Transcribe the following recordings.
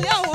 No.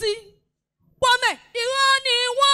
sí. Pọ́mẹ̀, ìran ni wọ́n.